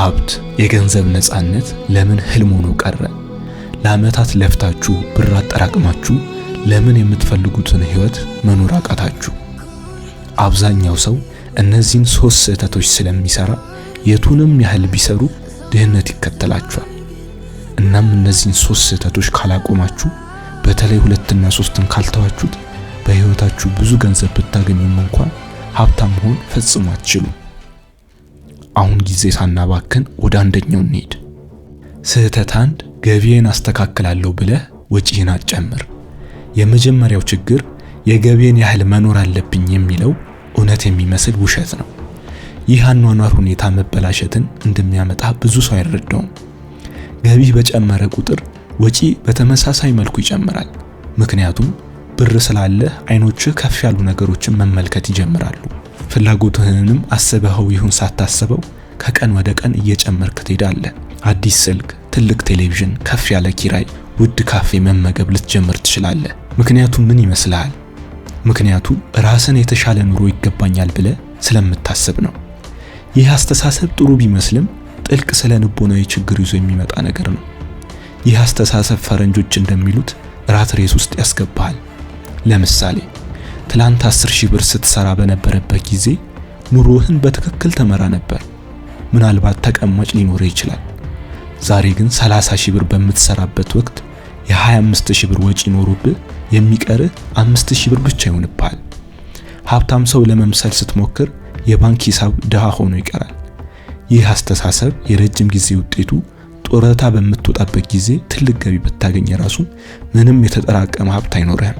ሀብት፣ የገንዘብ ነፃነት ለምን ህልም ሆኖ ቀረ? ለዓመታት ለፍታችሁ ብር አጠራቅማችሁ ለምን የምትፈልጉትን ህይወት መኖር አቃታችሁ? አብዛኛው ሰው እነዚህን ሶስት ስህተቶች ስለሚሰራ የቱንም ያህል ቢሰሩ ድህነት ይከተላችኋል። እናም እነዚህን ሶስት ስህተቶች ካላቆማችሁ፣ በተለይ ሁለትና ሶስትን ካልተዋችሁት በህይወታችሁ ብዙ ገንዘብ ብታገኙም እንኳን ሀብታም መሆን ፈጽሞ አትችሉም። አሁን ጊዜ ሳናባክን ወደ አንደኛው እንሄድ። ስህተት አንድ ገቢዬን አስተካክላለሁ ብለህ ወጪህን አትጨምር። የመጀመሪያው ችግር የገቢን ያህል መኖር አለብኝ የሚለው እውነት የሚመስል ውሸት ነው። ይህ አኗኗር ሁኔታ መበላሸትን እንደሚያመጣ ብዙ ሰው አይረዳውም። ገቢ በጨመረ ቁጥር ወጪ በተመሳሳይ መልኩ ይጨምራል። ምክንያቱም ብር ስላለህ አይኖችህ ከፍ ያሉ ነገሮችን መመልከት ይጀምራሉ። ፍላጎትህንም አስበኸው ይሁን ሳታስበው ከቀን ወደ ቀን እየጨመርክ ትሄዳለህ። አዲስ ስልክ፣ ትልቅ ቴሌቪዥን፣ ከፍ ያለ ኪራይ፣ ውድ ካፌ መመገብ ልትጀምር ትችላለህ። ምክንያቱ ምን ይመስልሃል? ምክንያቱ ራስን የተሻለ ኑሮ ይገባኛል ብለህ ስለምታስብ ነው። ይህ አስተሳሰብ ጥሩ ቢመስልም ጥልቅ ስለ ልቦናዊ ችግር ይዞ የሚመጣ ነገር ነው። ይህ አስተሳሰብ ፈረንጆች እንደሚሉት ራት ሬስ ውስጥ ያስገባሃል። ለምሳሌ ትላንት 10 ሺህ ብር ስትሰራ በነበረበት ጊዜ ኑሮህን በትክክል ተመራ ነበር። ምናልባት ተቀማጭ ሊኖር ይችላል። ዛሬ ግን 30 ሺህ ብር በምትሰራበት ወቅት የ25 ሺህ ብር ወጪ ኖሮብህ የሚቀርህ 5 ሺህ ብር ብቻ ይሆንብሃል። ሀብታም ሰው ለመምሰል ስትሞክር የባንክ ሂሳብ ድሃ ሆኖ ይቀራል። ይህ አስተሳሰብ የረጅም ጊዜ ውጤቱ ጡረታ በምትወጣበት ጊዜ ትልቅ ገቢ ብታገኝ ራሱ ምንም የተጠራቀመ ሀብት አይኖርህም።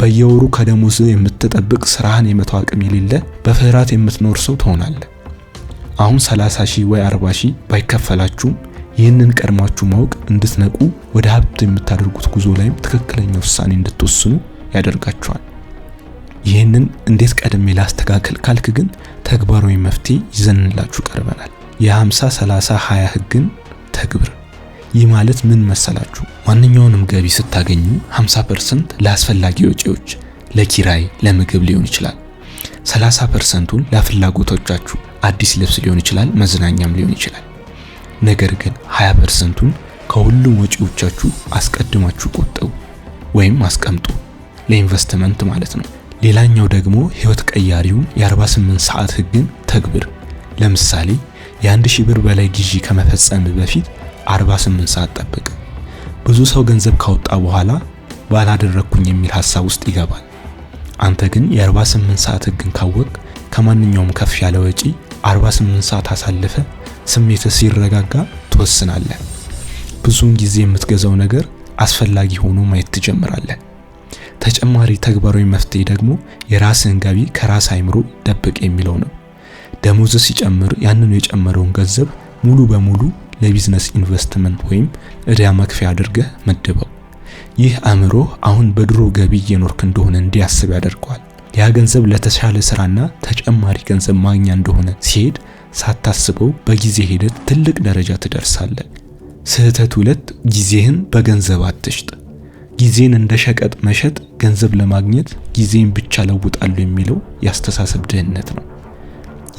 በየወሩ ከደሞዝ የምትጠብቅ ስራህን የመተው አቅም የሌለ በፍርሃት የምትኖር ሰው ትሆናለህ። አሁን 30 ሺህ ወይ 40 ሺህ ባይከፈላችሁም ይህንን ቀድማችሁ ማወቅ እንድትነቁ፣ ወደ ሀብት የምታደርጉት ጉዞ ላይም ትክክለኛ ውሳኔ እንድትወስኑ ያደርጋችኋል። ይህንን እንዴት ቀድሜ ላስተካከል ካልክ ግን ተግባራዊ መፍትሄ ይዘንላችሁ ቀርበናል። የ50 30 20 ህግን ተግብር። ይህ ማለት ምን መሰላችሁ? ማንኛውንም ገቢ ስታገኙ 50% ለአስፈላጊ ወጪዎች፣ ለኪራይ፣ ለምግብ ሊሆን ይችላል። 30%ቱን ለፍላጎቶቻችሁ፣ አዲስ ልብስ ሊሆን ይችላል፣ መዝናኛም ሊሆን ይችላል። ነገር ግን 20%ቱን ከሁሉም ወጪዎቻችሁ አስቀድማችሁ ቆጠቡ ወይም አስቀምጡ፣ ለኢንቨስትመንት ማለት ነው። ሌላኛው ደግሞ ህይወት ቀያሪውን የ48 ሰዓት ህግን ተግብር። ለምሳሌ የአንድ ሺህ ብር በላይ ግዢ ከመፈጸም በፊት 48 ሰዓት ጠብቅ። ብዙ ሰው ገንዘብ ካወጣ በኋላ ባላደረግኩኝ የሚል ሀሳብ ውስጥ ይገባል። አንተ ግን የ48 ሰዓት ህግን ካወቅ ከማንኛውም ከፍ ያለ ወጪ 48 ሰዓት አሳልፈ ስሜት ሲረጋጋ ትወስናለህ። ብዙውን ጊዜ የምትገዛው ነገር አስፈላጊ ሆኖ ማየት ትጀምራለህ። ተጨማሪ ተግባራዊ መፍትሄ ደግሞ የራስህን ገቢ ከራስ አይምሮ ደብቅ የሚለው ነው። ደሞዝ ሲጨምር ያንኑ የጨመረውን ገንዘብ ሙሉ በሙሉ ለቢዝነስ ኢንቨስትመንት ወይም እዳ መክፈያ አድርገህ መድበው። ይህ አእምሮ አሁን በድሮ ገቢ እየኖርክ እንደሆነ እንዲያስብ ያደርገዋል። ያ ገንዘብ ለተሻለ ስራና ተጨማሪ ገንዘብ ማግኛ እንደሆነ ሲሄድ ሳታስበው በጊዜ ሂደት ትልቅ ደረጃ ትደርሳለህ። ስህተት ሁለት ጊዜህን በገንዘብ አትሽጥ። ጊዜን እንደ ሸቀጥ መሸጥ ገንዘብ ለማግኘት ጊዜን ብቻ ለውጣሉ የሚለው ያስተሳሰብ ድህነት ነው።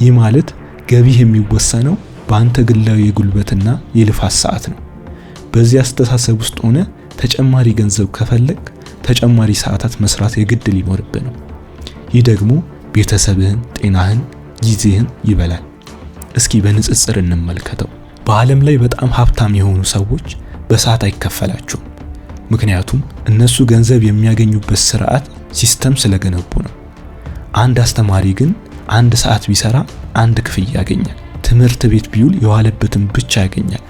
ይህ ማለት ገቢህ የሚወሰነው በአንተ ግላዊ የጉልበትና የልፋት ሰዓት ነው። በዚህ አስተሳሰብ ውስጥ ሆነ ተጨማሪ ገንዘብ ከፈለግ ተጨማሪ ሰዓታት መስራት የግድ ሊኖርብህ ነው። ይህ ደግሞ ቤተሰብህን፣ ጤናህን፣ ጊዜህን ይበላል። እስኪ በንጽጽር እንመልከተው። በዓለም ላይ በጣም ሀብታም የሆኑ ሰዎች በሰዓት አይከፈላቸውም። ምክንያቱም እነሱ ገንዘብ የሚያገኙበት ስርዓት ሲስተም ስለገነቡ ነው። አንድ አስተማሪ ግን አንድ ሰዓት ቢሰራ አንድ ክፍያ ያገኛል። ትምህርት ቤት ቢውል የዋለበትን ብቻ ያገኛል።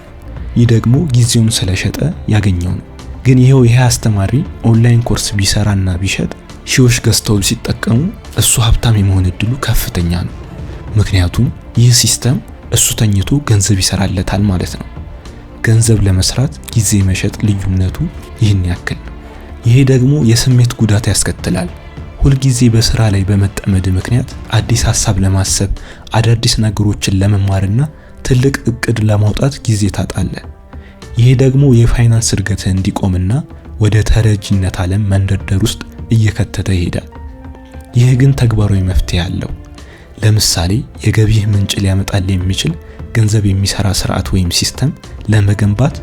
ይህ ደግሞ ጊዜውን ስለሸጠ ያገኘው ነው። ግን ይሄው ይሄ አስተማሪ ኦንላይን ኮርስ ቢሰራና ቢሸጥ ሺዎች ገዝተው ሲጠቀሙ እሱ ሀብታም የመሆን እድሉ ከፍተኛ ነው። ምክንያቱም ይህ ሲስተም እሱ ተኝቶ ገንዘብ ይሰራለታል ማለት ነው። ገንዘብ ለመስራት ጊዜ መሸጥ ልዩነቱ ይህን ያክል ነው። ይሄ ደግሞ የስሜት ጉዳት ያስከትላል። ሁልጊዜ በስራ ላይ በመጠመድ ምክንያት አዲስ ሀሳብ ለማሰብ አዳዲስ ነገሮችን ለመማርና ትልቅ እቅድ ለማውጣት ጊዜ ታጣለ። ይሄ ደግሞ የፋይናንስ እድገት እንዲቆምና ወደ ተረጅነት ዓለም መንደርደር ውስጥ እየከተተ ይሄዳል። ይህ ግን ተግባራዊ መፍትሄ አለው። ለምሳሌ የገቢህ ምንጭ ሊያመጣል የሚችል ገንዘብ የሚሰራ ስርዓት ወይም ሲስተም ለመገንባት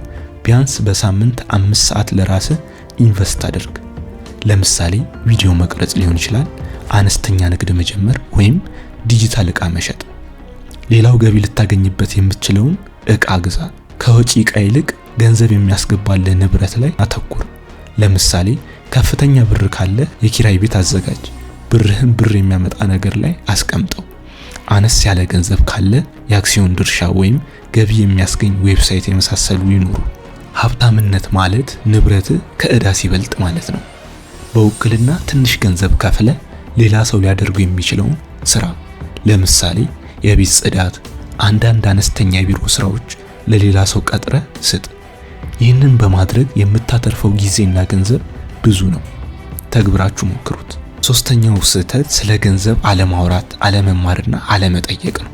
ቢያንስ በሳምንት አምስት ሰዓት ለራስህ ኢንቨስት አድርግ። ለምሳሌ ቪዲዮ መቅረጽ ሊሆን ይችላል፣ አነስተኛ ንግድ መጀመር ወይም ዲጂታል እቃ መሸጥ። ሌላው ገቢ ልታገኝበት የምትችለውን እቃ ግዛ። ከወጪ እቃ ይልቅ ገንዘብ የሚያስገባልህ ንብረት ላይ አተኩር። ለምሳሌ ከፍተኛ ብር ካለ የኪራይ ቤት አዘጋጅ። ብርህን ብር የሚያመጣ ነገር ላይ አስቀምጠው። አነስ ያለ ገንዘብ ካለ የአክሲዮን ድርሻ ወይም ገቢ የሚያስገኝ ዌብሳይት የመሳሰሉ ይኑሩ። ሀብታምነት ማለት ንብረት ከዕዳ ሲበልጥ ማለት ነው። በውክልና ትንሽ ገንዘብ ከፍለ ሌላ ሰው ሊያደርጉ የሚችለውን ስራ ለምሳሌ የቤት ጽዳት፣ አንዳንድ አነስተኛ የቢሮ ስራዎች ለሌላ ሰው ቀጥረ ስጥ። ይህንን በማድረግ የምታተርፈው ጊዜና ገንዘብ ብዙ ነው። ተግብራችሁ ሞክሩት። ሶስተኛው ስህተት ስለ ገንዘብ አለማውራት፣ አለመማርና አለመጠየቅ ነው።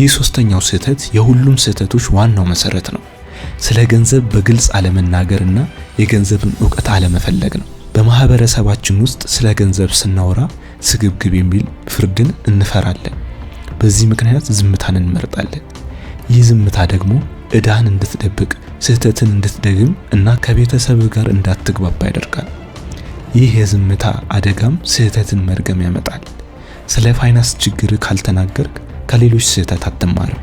ይህ ሶስተኛው ስህተት የሁሉም ስህተቶች ዋናው መሰረት ነው። ስለ ገንዘብ በግልጽ አለመናገርና የገንዘብን እውቀት አለመፈለግ ነው። በማህበረሰባችን ውስጥ ስለ ገንዘብ ስናወራ ስግብግብ የሚል ፍርድን እንፈራለን። በዚህ ምክንያት ዝምታን እንመርጣለን። ይህ ዝምታ ደግሞ እዳህን እንድትደብቅ፣ ስህተትን እንድትደግም እና ከቤተሰብ ጋር እንዳትግባባ ያደርጋል። ይህ የዝምታ አደጋም ስህተትን መድገም ያመጣል። ስለ ፋይናንስ ችግር ካልተናገርክ ከሌሎች ስህተት አትማርም።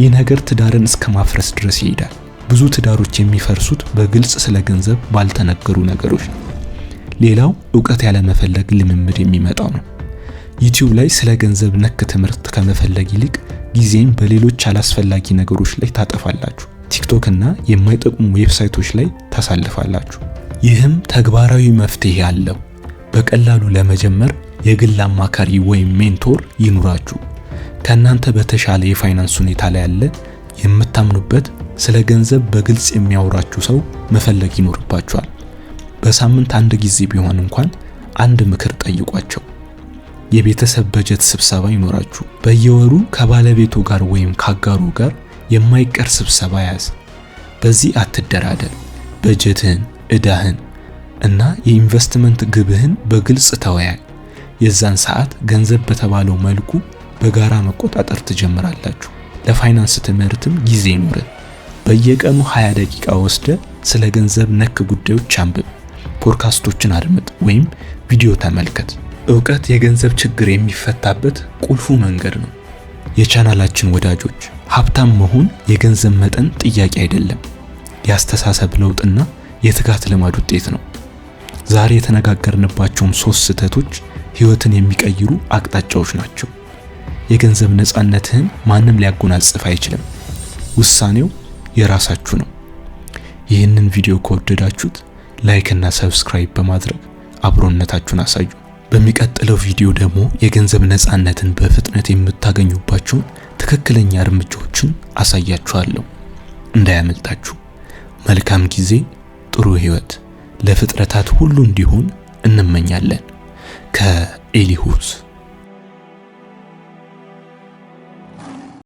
ይህ ነገር ትዳርን እስከ ማፍረስ ድረስ ይሄዳል። ብዙ ትዳሮች የሚፈርሱት በግልጽ ስለ ገንዘብ ባልተነገሩ ነገሮች ነው። ሌላው እውቀት ያለመፈለግ ልምምድ የሚመጣው ነው። ዩቲዩብ ላይ ስለ ገንዘብ ነክ ትምህርት ከመፈለግ ይልቅ ጊዜም በሌሎች አላስፈላጊ ነገሮች ላይ ታጠፋላችሁ። ቲክቶክ እና የማይጠቅሙ ዌብሳይቶች ላይ ታሳልፋላችሁ። ይህም ተግባራዊ መፍትሄ አለው። በቀላሉ ለመጀመር የግል አማካሪ ወይም ሜንቶር ይኑራችሁ። ከእናንተ በተሻለ የፋይናንስ ሁኔታ ላይ ያለ የምታምኑበት ስለ ገንዘብ በግልጽ የሚያወራችሁ ሰው መፈለግ ይኖርባችኋል። በሳምንት አንድ ጊዜ ቢሆን እንኳን አንድ ምክር ጠይቋቸው። የቤተሰብ በጀት ስብሰባ ይኖራችሁ። በየወሩ ከባለቤቱ ጋር ወይም ካጋሩ ጋር የማይቀር ስብሰባ ያዝ። በዚህ አትደራደር። በጀትህን፣ እዳህን እና የኢንቨስትመንት ግብህን በግልጽ ተወያይ። የዛን ሰዓት ገንዘብ በተባለው መልኩ በጋራ መቆጣጠር ትጀምራላችሁ። ለፋይናንስ ትምህርትም ጊዜ ይኑርን። በየቀኑ 20 ደቂቃ ወስደ ስለ ገንዘብ ነክ ጉዳዮች አንብብ። ፖድካስቶችን አድምጥ ወይም ቪዲዮ ተመልከት። እውቀት የገንዘብ ችግር የሚፈታበት ቁልፉ መንገድ ነው። የቻናላችን ወዳጆች፣ ሀብታም መሆን የገንዘብ መጠን ጥያቄ አይደለም፣ የአስተሳሰብ ለውጥና የትጋት ልማድ ውጤት ነው። ዛሬ የተነጋገርንባቸውም ሶስት ስህተቶች ህይወትን የሚቀይሩ አቅጣጫዎች ናቸው። የገንዘብ ነፃነትህን ማንም ሊያጎናጽፍ አይችልም። ውሳኔው የራሳችሁ ነው። ይህንን ቪዲዮ ከወደዳችሁት ላይክ እና ሰብስክራይብ በማድረግ አብሮነታችሁን አሳዩ። በሚቀጥለው ቪዲዮ ደግሞ የገንዘብ ነፃነትን በፍጥነት የምታገኙባችሁን ትክክለኛ እርምጃዎችን አሳያችኋለሁ። እንዳያመልጣችሁ። መልካም ጊዜ፣ ጥሩ ህይወት ለፍጥረታት ሁሉ እንዲሆን እንመኛለን። ከኤሊሁስ